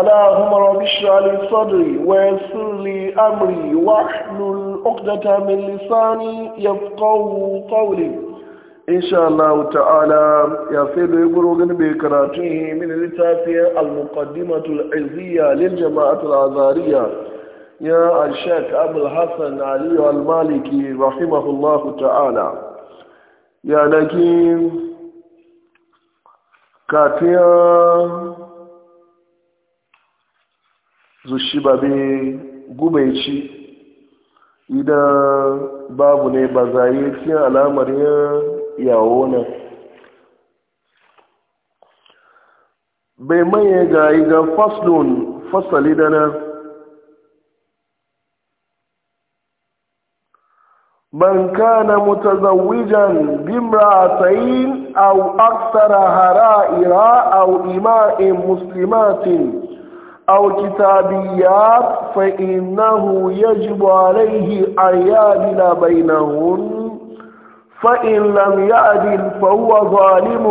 اللهم رب اشرح لي صدري ويسر لي امري واحلل عقدة من لساني يفقهوا قولي ان شاء الله تعالى يا سيدي يقولون بكراته من الرسالة المقدمة العزية للجماعة الازهرية يا الشيخ ابو الحسن علي المالكي رحمه الله تعالى يا لكن كاتيا zushi ba mai gumaici idan babu ne ba za yi fiye alamar yin yawo bai manye ga igan fasdon fasali da Ban ka na mutazawijan tsayin au aksara hara ira au ima'in muslimatin أو كتابيات فإنه يجب عليه أن يعدل بينهم فإن لم يعدل فهو ظالم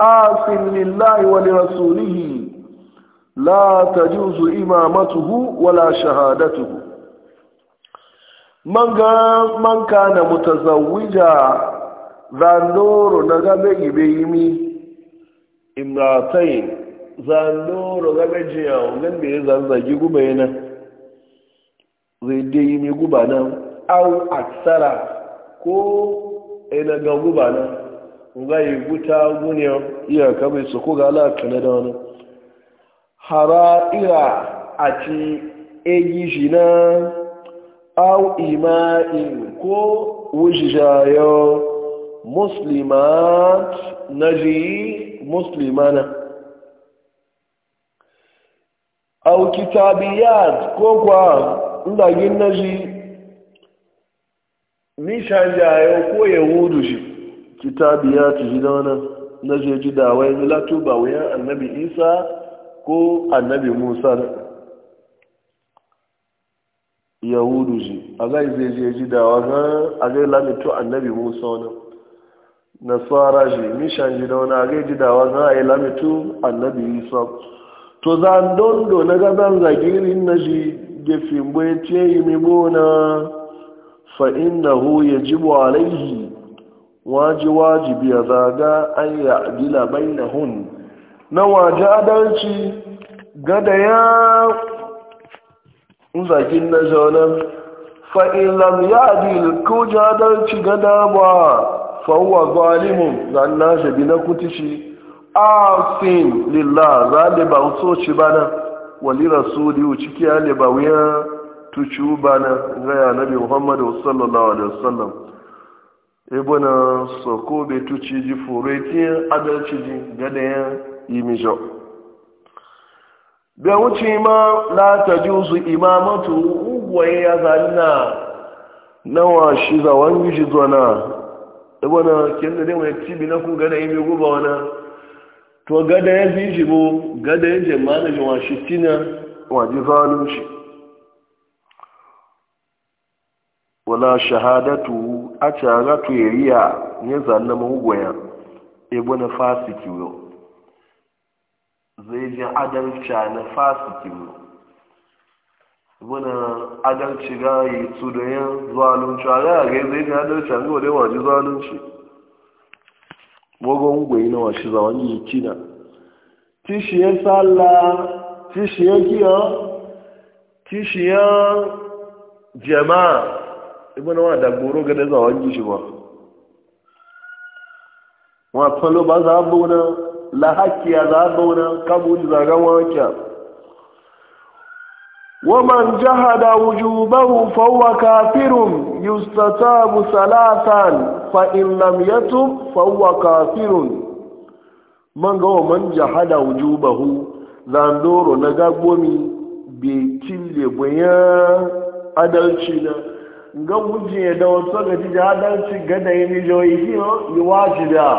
آس لله ولرسوله لا تجوز إمامته ولا شهادته من, من كان متزوجا ذا نور نغبئ بيمي امرأتين zandoro game jiya wajen da ya zanzagi guba yana zai dai mai guba nan au aksara ko ina ga guba nan ga yi guta guniya iyaka mai su ko ga alaka na da wani hara'ira a ci egi shi na au ima'in ko wujijayo muslimat na ji muslimana au kitabiyat ko kwa ndagin naji nishan jayo ko yahudu shi kitabiyat shi da wani na ji da wai milatu ba wuyan annabi isa ko annabi musa yahudu shi a zai zai jeji da wani a zai lamitu annabi musa wani nasara shi nishan ji da wani a zai ji da wani a yi lamitu annabi isa to za dondo na gazan zagirin na shi gefin bai ce yi mimona fa'in na hu ya ji alaihi waji wajibi ya zaga an yi adila bai na hun na waje adalci gada ya zagin na zaunan fa'in lam ya adil ko ji adalci gada ba fa'uwa zalimun zan na shabi na kutishi asin lillah za a ba usoci ba na wali rasuli wuce kiya ne ba wuya tuci ba na gaya nabi muhammadu sallallahu alaihi wasallam ebo na soko be tuci ji fure tiyan adalci ji gada ya yi mijo bai wuce ma la ta juzu imamatu ugwaye ya na nawa shi zawon yi ji zuwa na ebo na kyan ne mai tibi na kun gada yi mai guba to gada ya zai ji gada ya jama na jama shi tina waje zalun shi wala shahadatu a cara tuyariya ne zanna mahugoya ebo na e fasi kiwo zai ji adalca na fasi kiwo wani adalci ga yi su da yin a ga zai ji adalci a ga wani waje shi. mogon gwai na washi za wani yiki na tishiyan sallah tishiyan kiyo tishiyan jama'a ibina wa da goro gada za wani shi ba wa falo ba za a bauna lahakiya za a bauna kabuji za a gawa kya ومن جهد وجوبه فهو كافر يستتاب ثلاثا فإن لم يتب فهو كافر من هو من جهد وجوبه زاندورو نغاغومي بيتيلي بويا adalcina ga wuje da wasu ga ji adalci ga da yi mijoyi yi wajibi a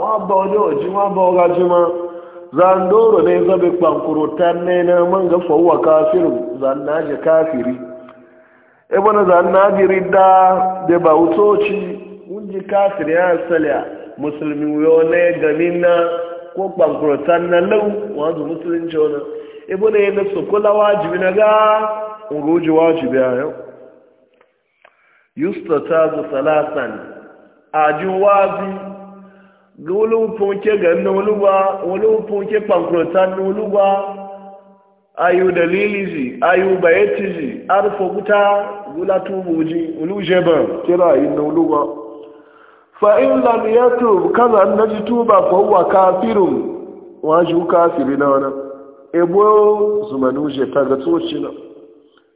wa ba wajen wajen wa ba wajen ma zandoro ne zabe kwankurutan ne na man ga fawwa kafirin zanna je kafiri e bana zanna ji ridda da bautoci unji kafiri ya salya musulmi yo ne gamin na ko kwankurutan na lau wazu musulunci jona e bana yana su kula wajibi na ga uruji wajibi a yau yustata zu salasan ajin wazi ga olóòpùn ké gẹ̀ẹ́nà olúwa olóòpùn ké pàǹkùrọ̀tà ní olúwa ayò dẹ̀lílìzì ayò bàyẹ́tìzì arúfọ̀kúta gúlátúbùjì olújẹbàn kíra ìnà olúwa fa'in lamiyatu kaza na ji tuba fọwọ́ kafirun wọ́n ju kafiri na wani ebo zumanuje ta ga tsoci na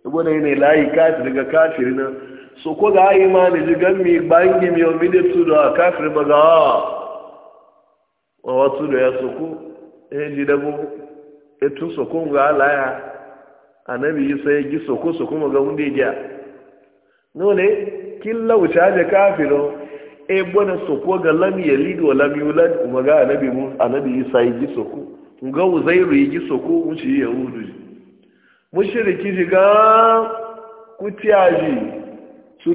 ebo na yi ne layi kafiri ga kafiri na so ko ga ayi ma ne ji gan mi bangi mi omide tudu a kafiri ba ga wa wasu da ya soko ya ji dabo soko ga alaya annabi yi gi soko soko ma ga wunde kin lauce aje kafiro e bona soko ga lam yalid wa lam yulad kuma ga annabi yi gi soko ga uzairu yi gi soko mu shi yahudu mushriki ji ga kutiyaji su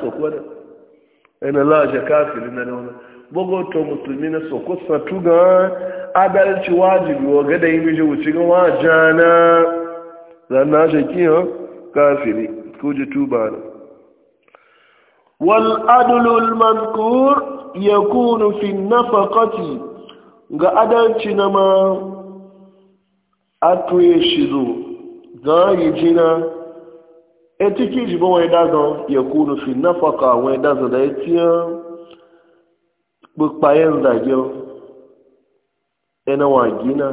soko ina laje kafiri na nuna bugu to musulmi na so kusa tuga adalci wajibi wa gada yi miji wuce ga wajana zanna shakiyan kafiri kuji tuba na والعدل المذكور يكون في النفقة ga adalci na ma atoye shi zo za yi jina etiki jibo wee dazọ yakunu fi nafaka wee dazọ da etinye kpukpaye nzagyo ena wa gina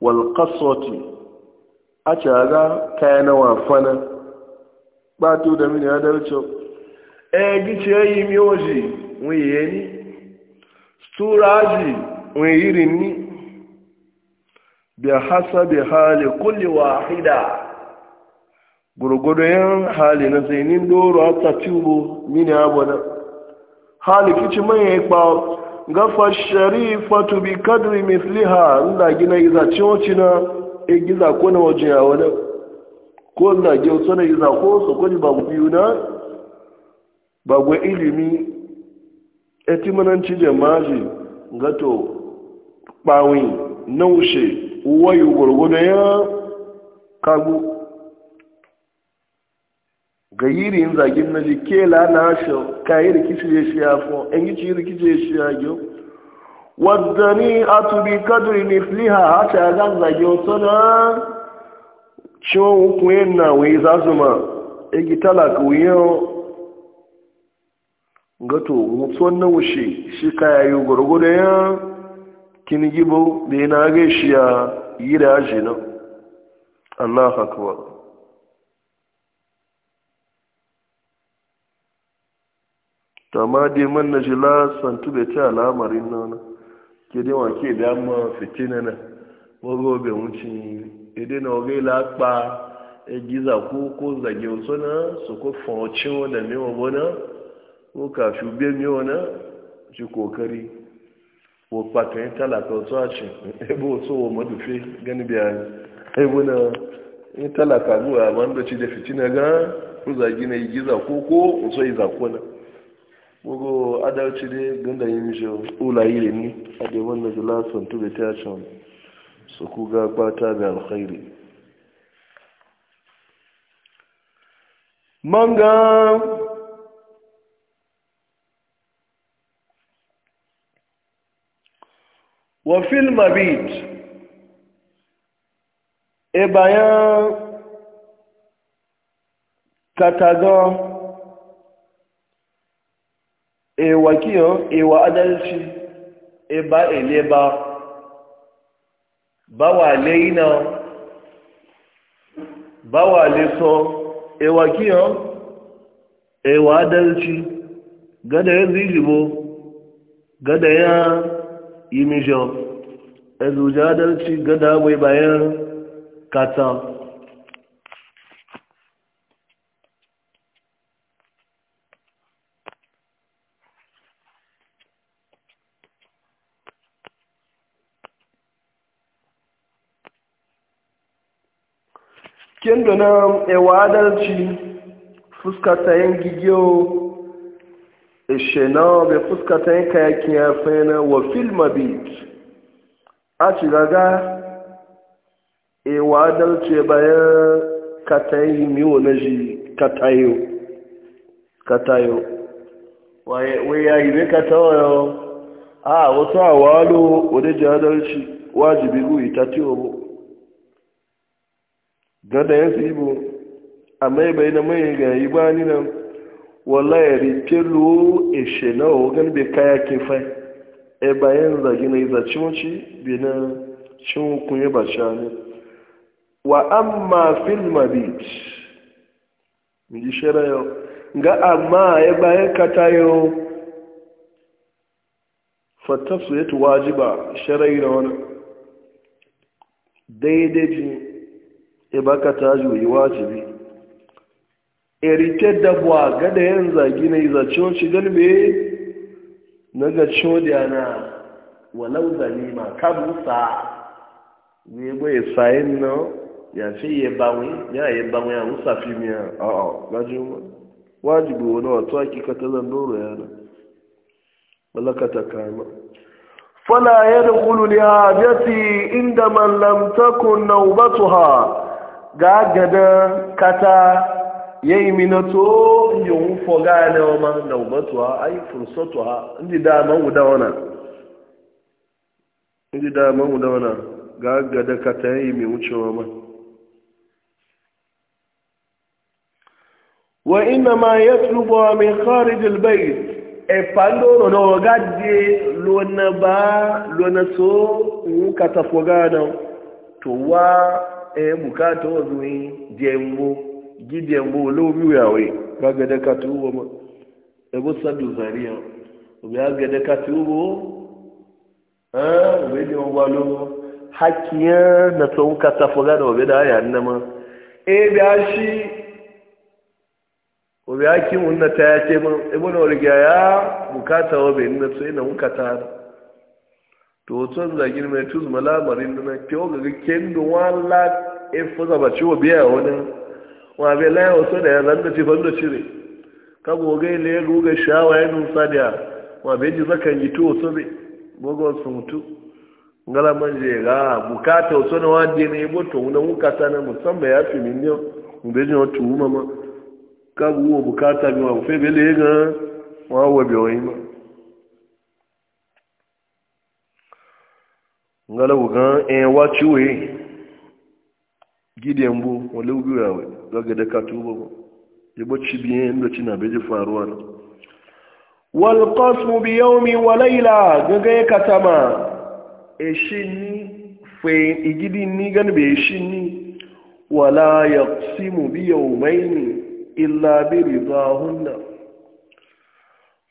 wal qaswati a caga kaya na wa fana ba tu da mini adalcho e gice yi miyoji ihe ni suraji wiyirin ni bi hasabi hali kulli wahida gorogodo yan hali na zainin doro a tatubu mini abona hali kici manya ikpa gafa sharifatu bi kadri misliha nda gina iza cewaci na e giza ko na waje ya wani ko nda gyauta na iza ko su kwaji ba biyu na ba gwa ilimi etimananci jamaji gato kpawin naushe wayo gurgudu ya kagu ga yirin zagin na ji kela na shi ka yi rikici ya shi ya fo en yi ci rikici ya shi ya gyo wadda ni a tubi kadiri ni fliha a ta zan zage wasu na ciwon hukuyen na wai za su ma egi talaka wuyan gato mutuwan na wushe shi kaya yi gwargwado ya kini gibo da yana aga yi da ya shi nan allah akwai ta ma dai man na jila santu bai ci al'amarin nan ke de wa ke da ma fitina na go be wuci ede na oge la pa e giza ku ko za zage so na so ko fo wo wona mi wo wona ko ka shu be mi wo wona ci kokari wo pa ta ta la ko so a ci e bo so wo mo du madufe gani biya e bo na ta la ka mu a man wanda ci da fitina ga ku gi na yi giza ku ko so yi za na gbogbo adalci dai ganda yi mishi ulayi da ni a dai wanda jula sun tube ta can su kuga kwata da alkhairi manga wa fil mabit e bayan katagon ewa kiyo ewa adalci e ba ele ba bawa le ina bawa le so ewa kiyo ewa adalci gada ya zijibo gada ya imijo ezuja adalci gada bai bayan kata kendo na ewadarci fuskata yin gigiyo ishena e bai fuskata yin kayakin ya fena wa filma filmabit a ci gaga ewadarci e bayan katayi miwo na ji katayo katayo wai ya yi bai katayo a wasu awalo wadda jihadarci wajibi ita ta tiyo gada ya fi ibu amma mai bai na mai ga yi ba ni nan wala ya rike lo eshe na ogan bai kaya ke fai e bayan zagi na iza cimoci bi na cin kunye ba sha ne wa amma fil mabit mi ji shara yau ga amma ya bayan kata yau fattasu ya tuwaji ba shara yi na wani daidai jini ibaka e ta juyi wajibi erike da buwa gada yan zagi na izacin shi galbe na ga codiya na walau zalima kabu sa ne bai sayin na ya ce yi bawai ya yi bawai a musa fi miya a a gajin wajibi wani wato hakika ta zan doro yana balaka ta kama فلا يدخل inda عند من لم تكن نوبتها ga gada kata ya yi minato yawon foga na wama na ubatuwa ai fursatuwa ndi dama guda wana ndi dama guda wana ga gada kata ya yi mai wucewa ma wa ina ma ya tsubuwa mai kharijin bai efandoro na wagaje lona ba lona so wuka ta foga na e bukata ozuwi jembo gijembo lobi yawe kaga da katuwa ma ebo sadu zariya obi aga da katuwa ah eh, obi de walo hakiya na nkata katafuga na obi da ya nama e da ashi obi hakin wannan ta yake ma ebo na origaya bukata obi na tsaye na mukata to tun da girma tuz malamarin duna ke o gaga kendo wala e fuza ba ciwo biya wani wa be la o so da ya zanda ci fando cire ka goge le goge shawa ya nusa da wa be ji zakan yi to so be gogo su mutu ngala manje ga bukata o so na wadi ne bo to na bukata na musamman ya fi min ne mu be ji to mama ka go bukata mi wa fe be le ga wa wa be o yi ma ngalawu gan en eh, wachuwe gidan bu wale ubiya we daga da katuba bu yabo cibiye eh, inda cina bai ji faruwa na wal qasmu bi yawmi wa layla gaga ya katama e shinni fe igidi ni gan be shinni wala yaqsimu bi yawmayni illa bi ridahunna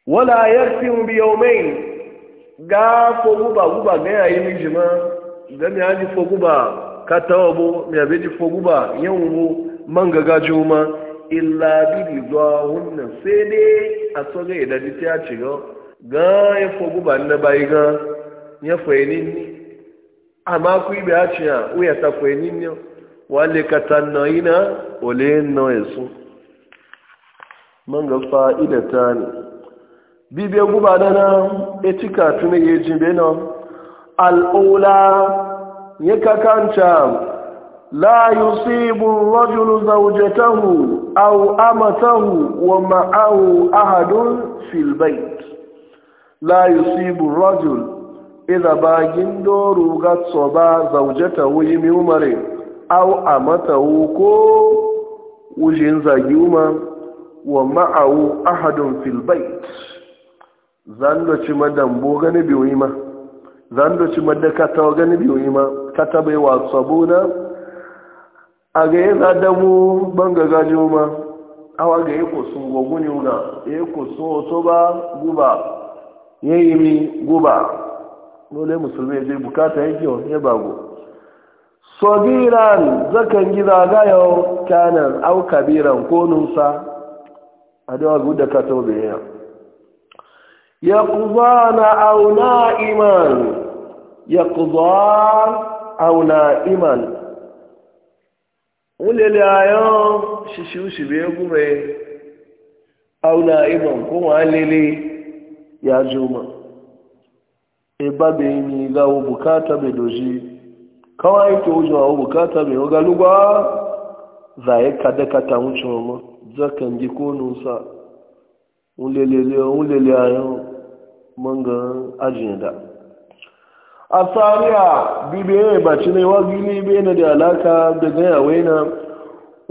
wala yaqsimu bi yawmayni ga foguba guba ga yayi miji ma ga mi haji foguba ka tawo bo mi abe ji foguba yan wo man ga ga juma illa bi ridwahunna sai dai a soga ida ji ta ci ga ga ya foguba na bai ga ya fayini ni amma ku yi a ci ya ya ta fayini ni wale ka tanna ina ole no yesu man ga ta ne bibiya guba da nan etika tuni ya ji benin al'ula ya kakanta la yusibu rajulu zaujatahu aw amatahu wa ma'ahu ahadun fil bait la yusibu rajul idza bagin doru gatso ba zaujatahu yimi umare aw amatahu ko wujin zagi wa ma'ahu ahadun fil zando ci madan bo gani bi ma zando ci madan kata gani bi ma kata bai wa sabuna a ga yi ban ga gaji ma awa ga yi ne gwaguni Ya yi kosun oto ba guba yayi mi guba dole musulmi zai bukata yake wa ya bago sogiran zakan gida gayo kanan au kabiran ko nusa a dawa da kata bai yi. يقضان أو نائما يقضان أو نائما wule layan shishiyu shi bai gube auna iban kuma lele ya juma ni ga bukata bai doji kawai ke wuce wa bukata bai waga lugwa za ya kada kata wuce wa ma zakan ji ko nusa mangan ajin da a tsariya bibiyan e, baci ne wa gini bene da alaka da gaya waina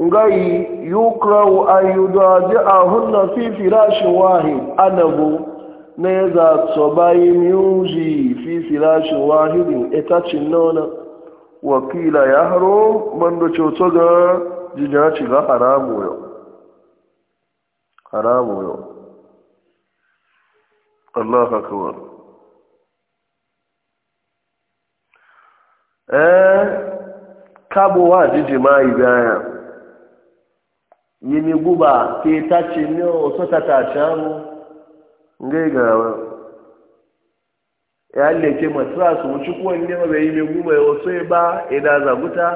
ngayi yukrawu an yudaji a hunna fi firashin wahid anabu na ya za so bayi miyuji fi firashin wahidin etacin nona wakila ya haro bando coto ga jijina ga haramu yau haramu yau Allah akbar eh kabo wa jiji mai baya yini guba ke tace ne o sota ta shamu ngai ga ya leke matras mu ci ko ne e ba yi e ni guba o sai ba ida zaguta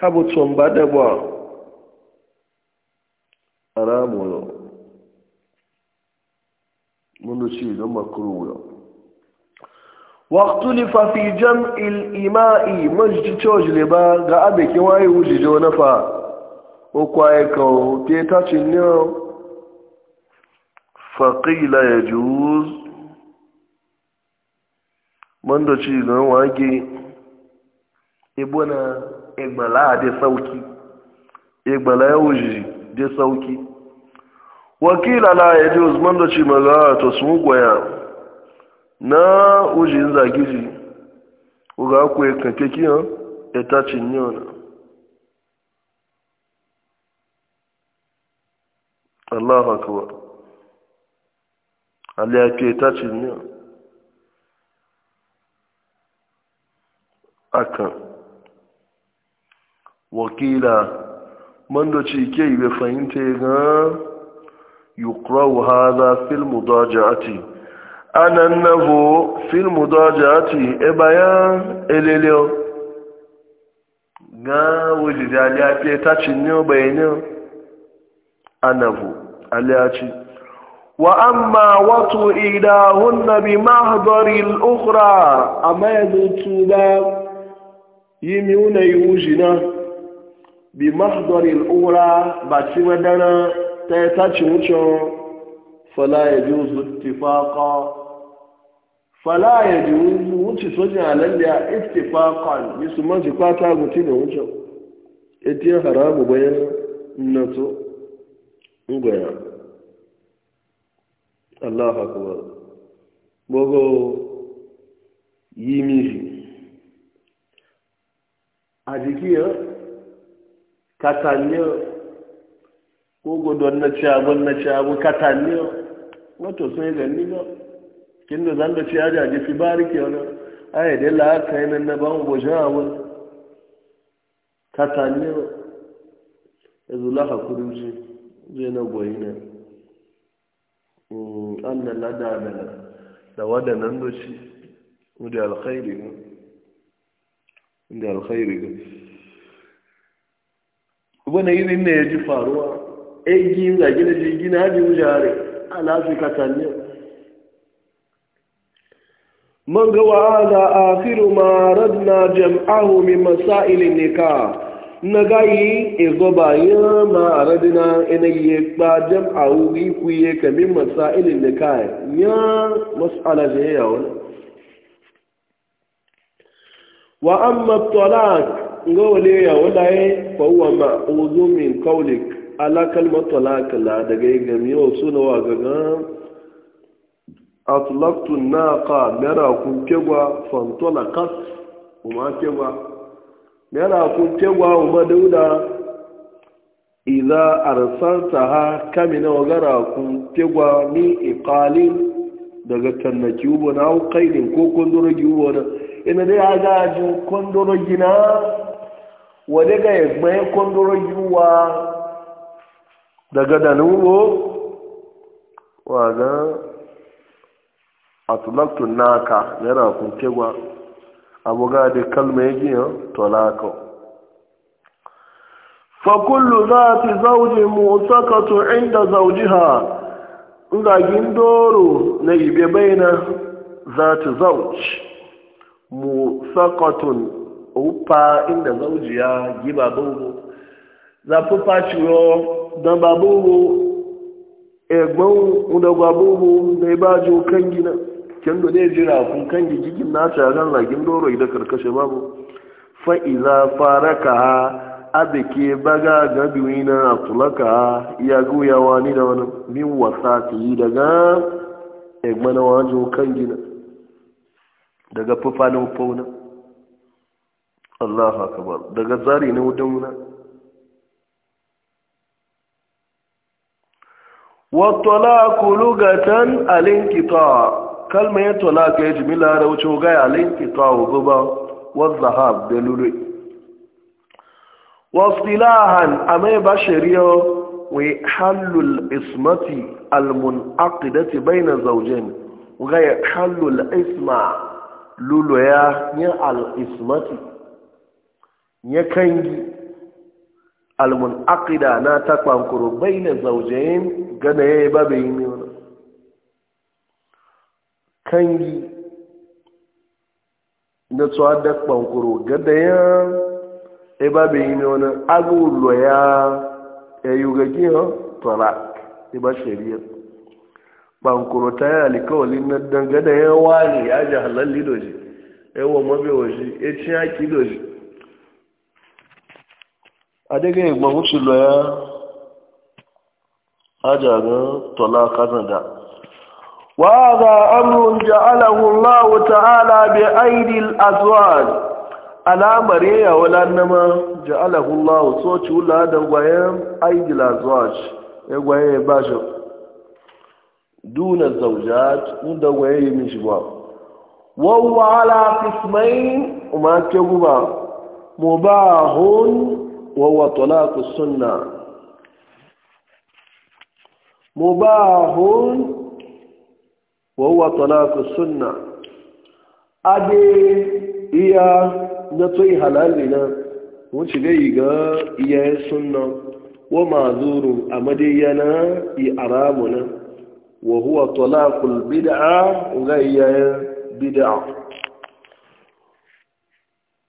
kabo tsomba da منو شي دو مكروه واختلف في جمع الاماء مجد تشوج توجل با كي واي وجي جو نفا او كواي كو تي تاشينيو فقيل يجوز منو شي دو واجي ibuna igbala da sauki igbala ya wuji da sauki wakila la ya ji usman da ci maga to sun gwaya na ujin zagiji uga ku ya kanke kiyan ya ta cinye wani Allah akbar Allah ya ke ta akan wakila mandoci ke yi bai fahimta ya gan يقرأ هذا في المضاجعة أنا أنه في المضاجعة إبايا إليليو نا وجد عليها في تاتشنيو بينيو أنه عليها وأما وطو إلهن بمحضر الأخرى أما يدوتوبا يميون يوجنا بمحضر الأخرى باتسمدنا ta yi tashi wucin fala ya ji wuzu tifaka fala ya ji wuzu wuce sojin a istifakan yi su manci kwata guti da wucin ita haramu bayan nato ngwaya allah akbar bogo yi mishi a jikiyar kataya. ko gudun na ci abun na ci abu katan ne wato sun yi ni ba kin da zan da ci a jaji fi bari ke wani ayi dai la ka yi na ban goshin abu katan ne zula ka hakurin shi zai na goyi ne mm, an da lada da da wadannan doci da alkhairi da alkhairi wani irin ne ya ji faruwa egi nga gina jirgi na hajji wujare ala ta tanne man ga wa hada akhiru ma radna jam'ahu min masail nikah na gayi ezo bayan ma radna ina e ye ba jam'ahu gi kuye kamin masail nikah ya mas'ala je ya wala wa amma talaq ngawle ya wala fa huwa ma'udhu min qawlik ala kalmar talaka la daga yi gami yau suna wa gaga atlaktun na ka mera kun kegwa fantola kas kuma kegwa mera kun kegwa kuma dauda Iza arsalta ha kamina wa gara kun kegwa ni ikalin daga tannaki ubo na hau kailin ko kondorogi ubo na ina dai a gajin kondorogi na wadda ga ya gbaye kondorogi wa daga danubo waga atulaktun naka yana kunke gwa abuga da kalma ya giya eh, tolaka fakullu za fi zauji musakatu inda zaujiha ngagin doro na ibe baina za ta zauji musakatun upa inda zauji ya giba bugu zafi ro. da babubu egbon udagwa bubu da ya bajo kan gina kin da zai jira kun kan gigin na taron ragin doro idan karkashe babu fa'iza faraka abike baga gabiwi na atulaka ya goyawa ni da wani min wasa ta yi daga egbon wajo kan gina daga fufanin fauna haka ba daga tsari na wutan wuna wattalaku lugatan alinkita kalma ya talaka ya jimila da wuce gaya alinkita guba wazahab da lulu wasilahan a mai ba shari'a wai hallul ismati almunaqidati baina zaujen gaya hallul isma lulu ya yin al ismati ya kangi almun aqida na ta kwankuru bai na zaujayin gana ya yi babe yi ne wani kangi na tsawa da kwankuru gada ya yi e babe yi ne wani agullo ya e yi gagi e ya tara ya ba shari'a kwankuru ta yi alikawali na dangada ya wani ya ji halalli doji yawon mabewa shi ya ci haki doji adege gbọ́n wusu lọ ya haja ga tola kazan da wa ga amrun ja'alahu Allah ta'ala bi aidi al-azwaj alamare ya wala nama ja'alahu Allah so chula da gwayen aidi al-azwaj ya gwaye ba shi duna zawjat inda gwaye mi shi ba wa huwa ala qismain ba ke guba mubahun wọ́wọ́ tọ́lá kò súnnà mo bá ahun wọ́wọ́ tọ́lá kò súnnà adé iya na tó ìhàlálì náà wọ́n ti lè yìí gan iya ẹ súnnà wọ́n ma zúrù àmàdé iya náà i àràmù náà wọ́wọ́ tọ́lá kò bídá ọgá iya ẹ bídá ọ̀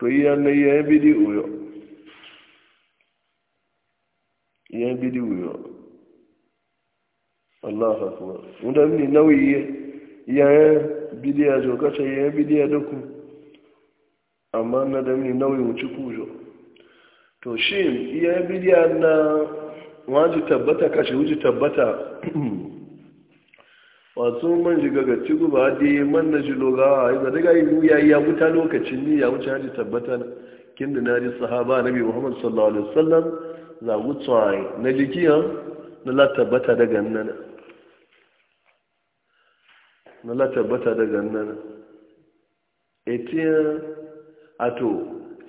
to yi na iya bidi uyo iya bidi uyo Allah hakuwa wanda mini nauyi iya bidi a jokata iya bidi a duku amma na da mini nauyi wuce kujo to shi iya bidi na waji tabbata kashe wuji tabbata wasu man shiga ga ci guba da man na shi a yi zaɗi ga ya yi ya wuta lokacin ni ya wuce hajji tabbata kin da nari sahaba nabi muhammad sallallahu alaihi wasallam za wucewa na jikiyan na la tabbata daga nan na la tabbata daga nan etiyan ato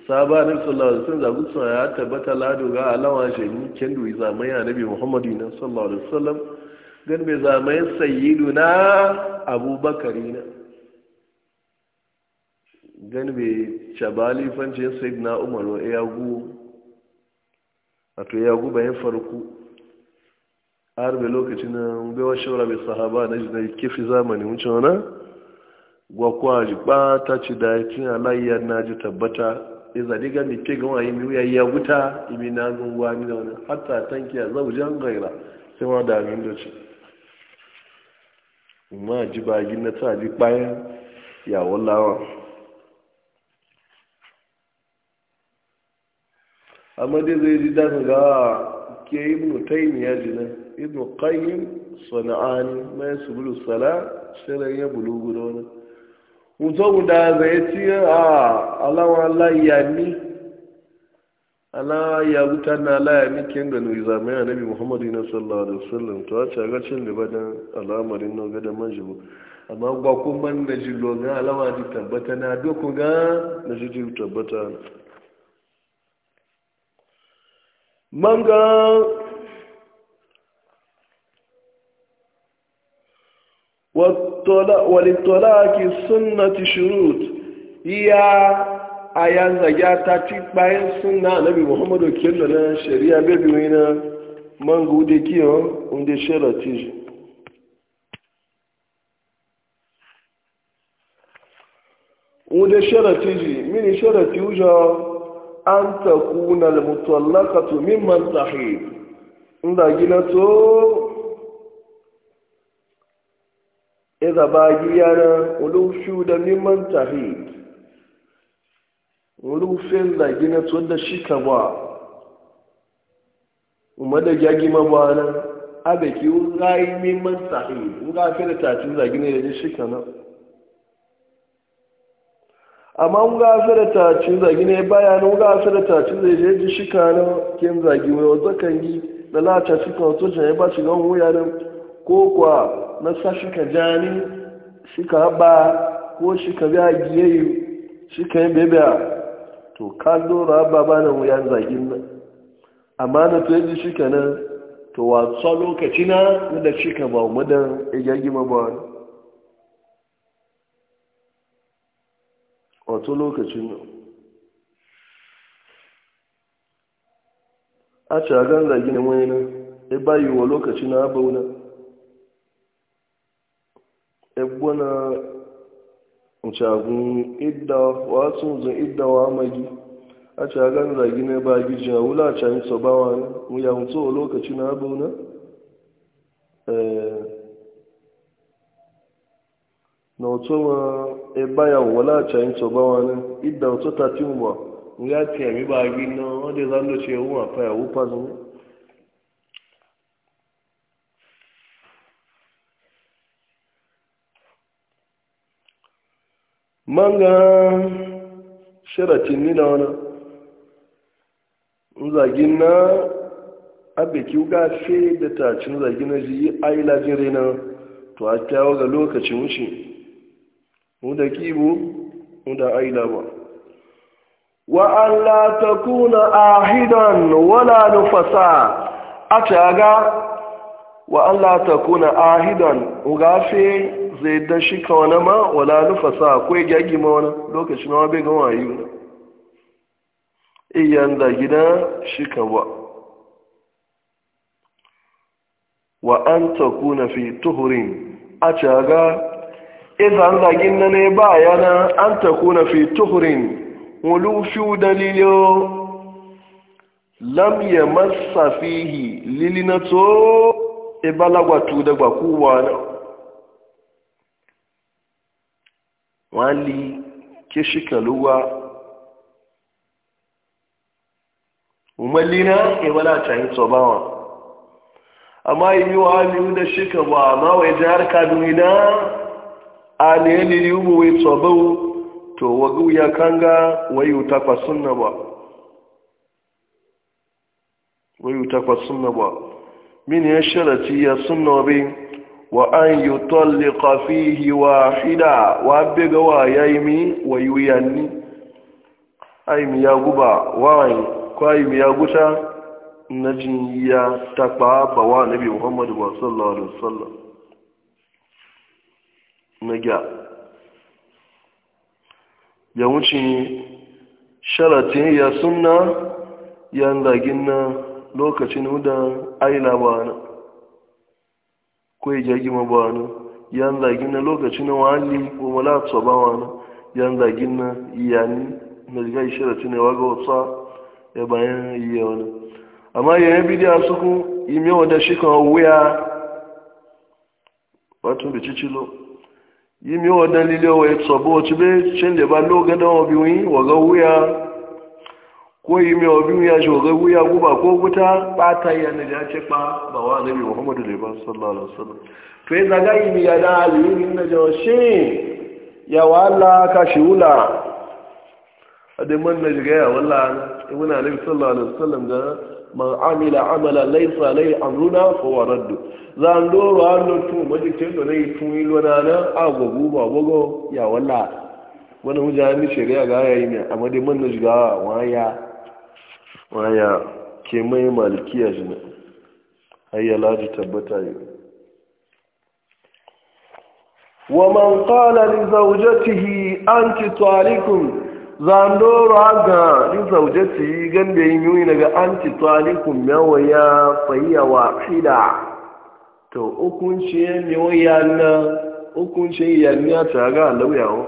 sahaba nabi sallallahu alaihi wasallam za wucewa ya tabbata lado a lawan shi kin da zamai Muhammadu muhammad sallallahu alaihi wasallam gan bai zamayin sayidu na abubakari na gan bai cabali fancin sayidu na umaru a yagu a to yagu bayan farko har bai lokacin na bewa shawara mai sahaba na jinai kifi zamani wuce wana gwakwa ji bata ci da ya cin alayya na ji tabbata ya zaɗi ga mai ke gama yi miya ya wuta imi na gungwa ni da wani hatta tanki a zaujen gaira sai ma da amin da ci. ma ji bagi na ta ji bayan yawon lawa amma dai zai ji dan ga ke ibnu taymiya ji nan ibnu qayyim sana'ani mai subulu sala shirin ya bulugu da wani mutum da zai ci a alawa layani ala ya wuta na ala ya mikin da nuri zamai a nabi muhammadu na sallallahu alaihi wasallam to a caga cin da badan al'amarin na gada manji ba amma ba kuma na ji logan alama ji tabbata na doku ga na ji ji tabbata man ga walitolaki sunnati shurut iya aya zagya ta ci bayan suna nabi muhammadu kirla na shari'a bebiwi na man gude kiyo inda sharati ji inda sharati ji mini ti wujo an ta kuna mutallakatu mimman tahid inda gina to إذا باقي أنا ولو da min ممن تحيد rufin da gina tun da shi ka ba umar da gyagi mabanan abeki rayi mimman sahi ga fi da tacin zagi ne da shi ka nan amma ga fi da tacin zagi ne bayan ga fi da tacin zai je ji shi ka nan kin zagi wai wata kan yi da lata shi ka wato jani ba shi gan wuya nan ko kwa na sa shi ka jani shi ka ba ko shi ka biya giyayi shi ka yi bebiya to kallo rabba ba na wuyan zagin nan amma na to yanzu shi nan to watsa lokaci na da shi ka ba mu dan igagima ba wato lokacin nan a ci a gan zagin wani nan e bayi wa lokaci na abu na egbona shagun idda wasu zan idda wa magi a shagan zagi na ba gijin a wula can so eh, e ba wa mu ya mutu lokaci na abu na na otu ma eba ya wula can so ba wa na ta ti mu mu ya ti ami ba gi na wanda zan lo ce wu a fa ya wu manga sharatin nina wani zagin na abeki gafe da tacin zagin na ji ailajin rena to a kyawo ga lokacin wuce mu da kibu mu da aila ba wa an la takuna ahidan wala nufasa a ta ga wa an la takuna ahidan gafe zai dan shi ka wani ma wala nufasa akwai gyagi ma wani lokaci ma bai ga wayo iyan eh, da gida shi ba wa an ta na fi tuhurin a caga izan eh, zagin na ne ba yana an ta na fi tuhurin wulufi dalilin lam ya masa fihi lilinato ibalagwatu e da gbakuwa na wali kishika luwa umalina e wala ta yi tsobawa amma yi wa aliyu da ka ba amma wai jihar kaduna a ne yi liliyu wai tsobau to wagu ya kanga wayu takwas sunna ba wayu takwas sunna ba min ya sharati ya sunna bin wa an yi tallika yi wa shida wa biga wa ya yi mi wa yi aimi ya guba wani ko aimi ya guta na jinyiya ta kpaba wa nabi muhammadu ba sallallahu alaihi wasallam na gya ya wuce sharatin ya suna yan ndagin na lokacin hudan aila ba na ko ya jagi ma ba wani yan zagin na lokacin na wali ko mala tso ba wani yan zagin na iyani na jiga ishira tune wa ga wasa ya bayan iya wani amma yayin bidiyar su ku ime wanda shi kan wuya wato bi cicilo ime wanda lile wa ya tso ba bai be cin da ba lo ga dawo biwi wa ga wuya ko yi mai wabi ya shogar ya guba ko wuta ta yi yana jace ba ba wa nabi muhammadu da ibar sallallahu alaihi wasallam to yi zaga yi mai yana aliyu na jawashe ya wala ka shi wula a dai man na shiga ya wala muna na sallallahu alaihi wasallam ga man amila amala laisa lai amruna ko wa raddu za an doro an lotu majikin da nai tun yi lona na agogo ba gogo ya wala wani hujjani shari'a ga yayi ne amma dai man na shiga waya waya ke mai malikiya ne hayyala ji tabbata yi wa man qala li zawjatihi anti talikum zandoro aga li zawjatihi yin yi daga anti talikum yawaya fahiya wahida to hukunci yawaya na hukunci yanni ta ga lauyawo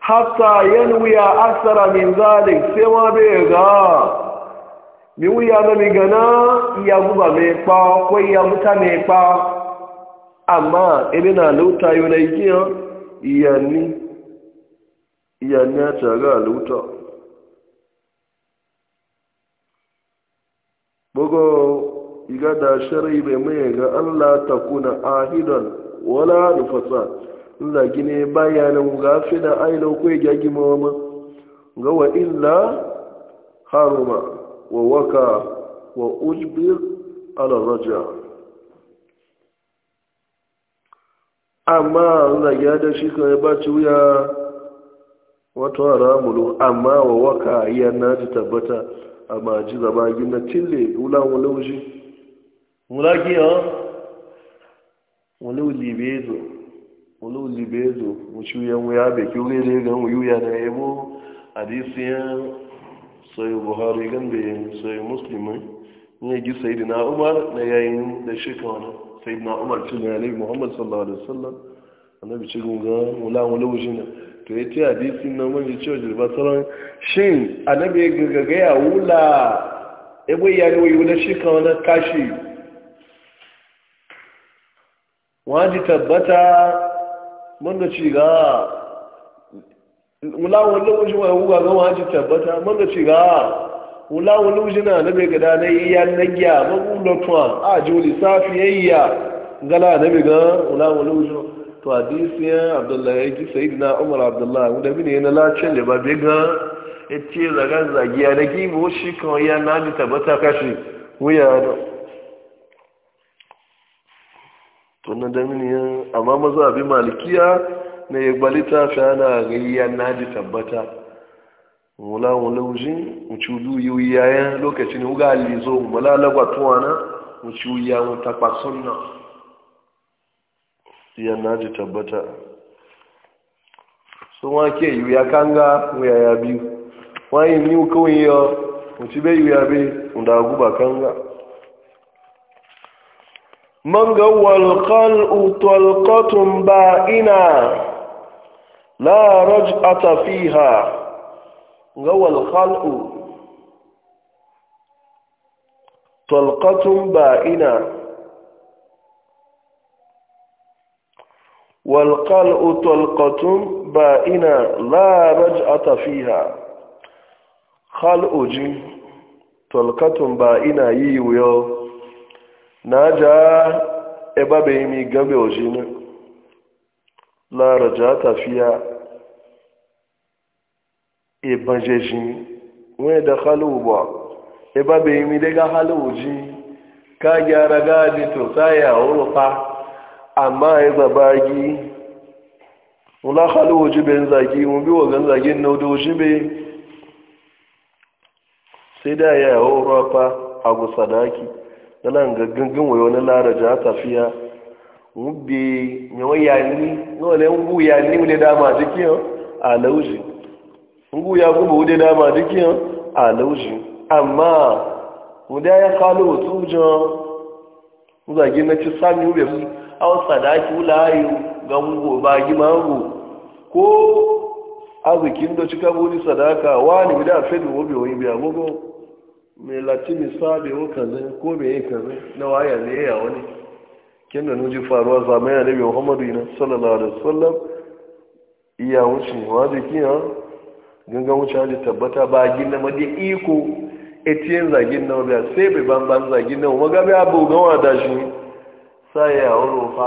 hatta yanwiya asara min zalik sai ma bai ga mi wuya na mi gana iya guba mai kpa ko iya buta mai kpa amma ebe na lauta yi na igiya iyanni iyanni a tsaga lauta bugu iga da shari'i bai mai ga allah ta kuna ahidan wala nufasa inda gine bayanin gafi da ainihin kwaya gaggimawa ma gawa illa haruma ووقع وأجبر على الرجع amma Allah ya da shi kan ba ci wuya amma wa waka ya na ji tabbata amma ji zaba tille wula wula wuce ya wula libezo wula libezo wuce na sai buhari gambe sai muslimi ne gi sayyidina umar na yayin da shi kawana sayyidina umar cin da yanayi muhammad sallallahu alaihi wasallam annabi ci gunga wula wala wujina to ya ce hadisi na wani cewa jirba sauran shin annabi ya gagaga ya wula bai ya ne wula shi kawana kashi wani tabbata mun da ci ga Wula wani lauji wa wuga gama waji tabbata manga ci ga wulawun lauji na na bai gada na iya nagya magulo tuwa a juli safiyayya gala na bai ga wani lauji to a ya, abdullahi ji sayidina umar abdullahi wanda bi ne na lacin da ba bai ga ya ce zagan zagiya da gibo shi kawai ya na ji tabbata kashi wuya na. da tunan da mini amma maza abin malikiya na ya gbali ta na ana gayya na ji tabbata mula wulaujin yi yiwu ya lokacin huga alizo mula lagwatuwa na muciwu yawon takwasun na ya na ji tabbata sun wake yiwu ya kanga wuyaya biyu wani ni kawai ya ci bai yiwu ya bai da guba kanga man ga walƙal'u ba ba'ina la raj ata fiha nga wal khalqu ba'ina wal qal'u talqatun ba'ina la raj'ata fiha na ja ebabe mi gabe ojina la ta fiya e banje jin wani da halu ba e ba bai mi daga halu ji ka gyara gadi to sai ya wurfa amma ya e zabagi wula halu wuji bai zagi mun bi wagan zagin na shi bai sai da ya wurfa a gusadaki nan gaggan wayo na la rajata fiya ngbe nyawo ya ni no le ngu ya ni ule da ma dikio alauji ngu ya ngu ule da ma a alauji amma muda ya kalu tujo muda na ci sami ube mu aw sadaki wula ulayu ga ngu ba gi mangu ko azikin da cika buri sadaka wani bida fedu obi oyin biya gogo me latini sabe o kaze ko me kaze na waya ne ya wani kin da nuji faruwa zamai a nabi muhammadu ina sallallahu alaihi wasallam iya wuce da kiyan gangan wuce hajji tabbata ba gina madi iko etiyen zagin na wabiya sai bai ban ban zagin wabiya bai abu gawa da shi sai ya wuro fa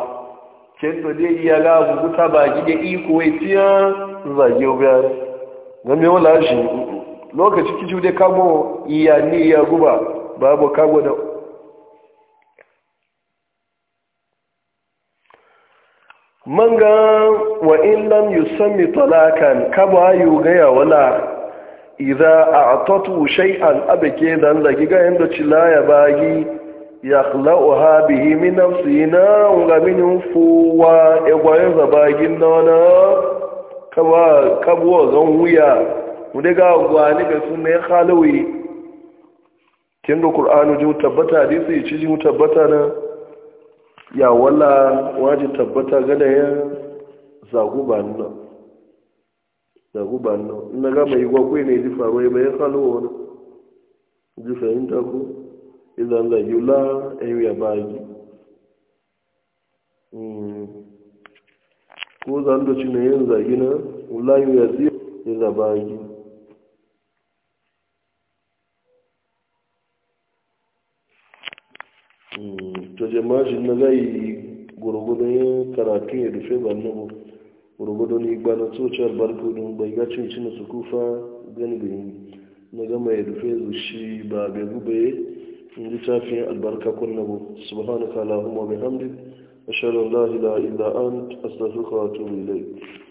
kin dai iya ga abu ta ba gina iko etiyen zagin wabiya game wala shi lokaci kiji dai kago iya ni iya guba babu kago da man ga wa lam yusammi talakan ka ba yi gaya wala idza a'tatu shay'an abake dan da giga yanda cila ya bagi khla'uha bihi min nafsina wa min fuwa e gwaye za bagi nona ka ba ka bo zan wuya mu daga gwani ga ne khalawi kin da qur'anu ji tabbata hadisi ci tabbata na ya wala waje tabbata gada ya zaguba nuna zaguba nuna na gama yi gwakwai ne jifa faruwa bai ya kalu wani ji fahimta ku idan da yula ewu ya bagi hmm. ko zan da cinayen zagina wula yi ya zira ya zabagi jama'ajin na gai gurgudun karatu ya rufe barnabo gurgudun igba na tsohuwar barkudun bai ga cin cin su kufa ganibin na gama ya rufe zushi ba bai gube in ji tafin albarka kun kunnabo subhanaka allahumma bihamdik ashhadu an la ilaha illa ant astaghfiruka wa atubu ilayk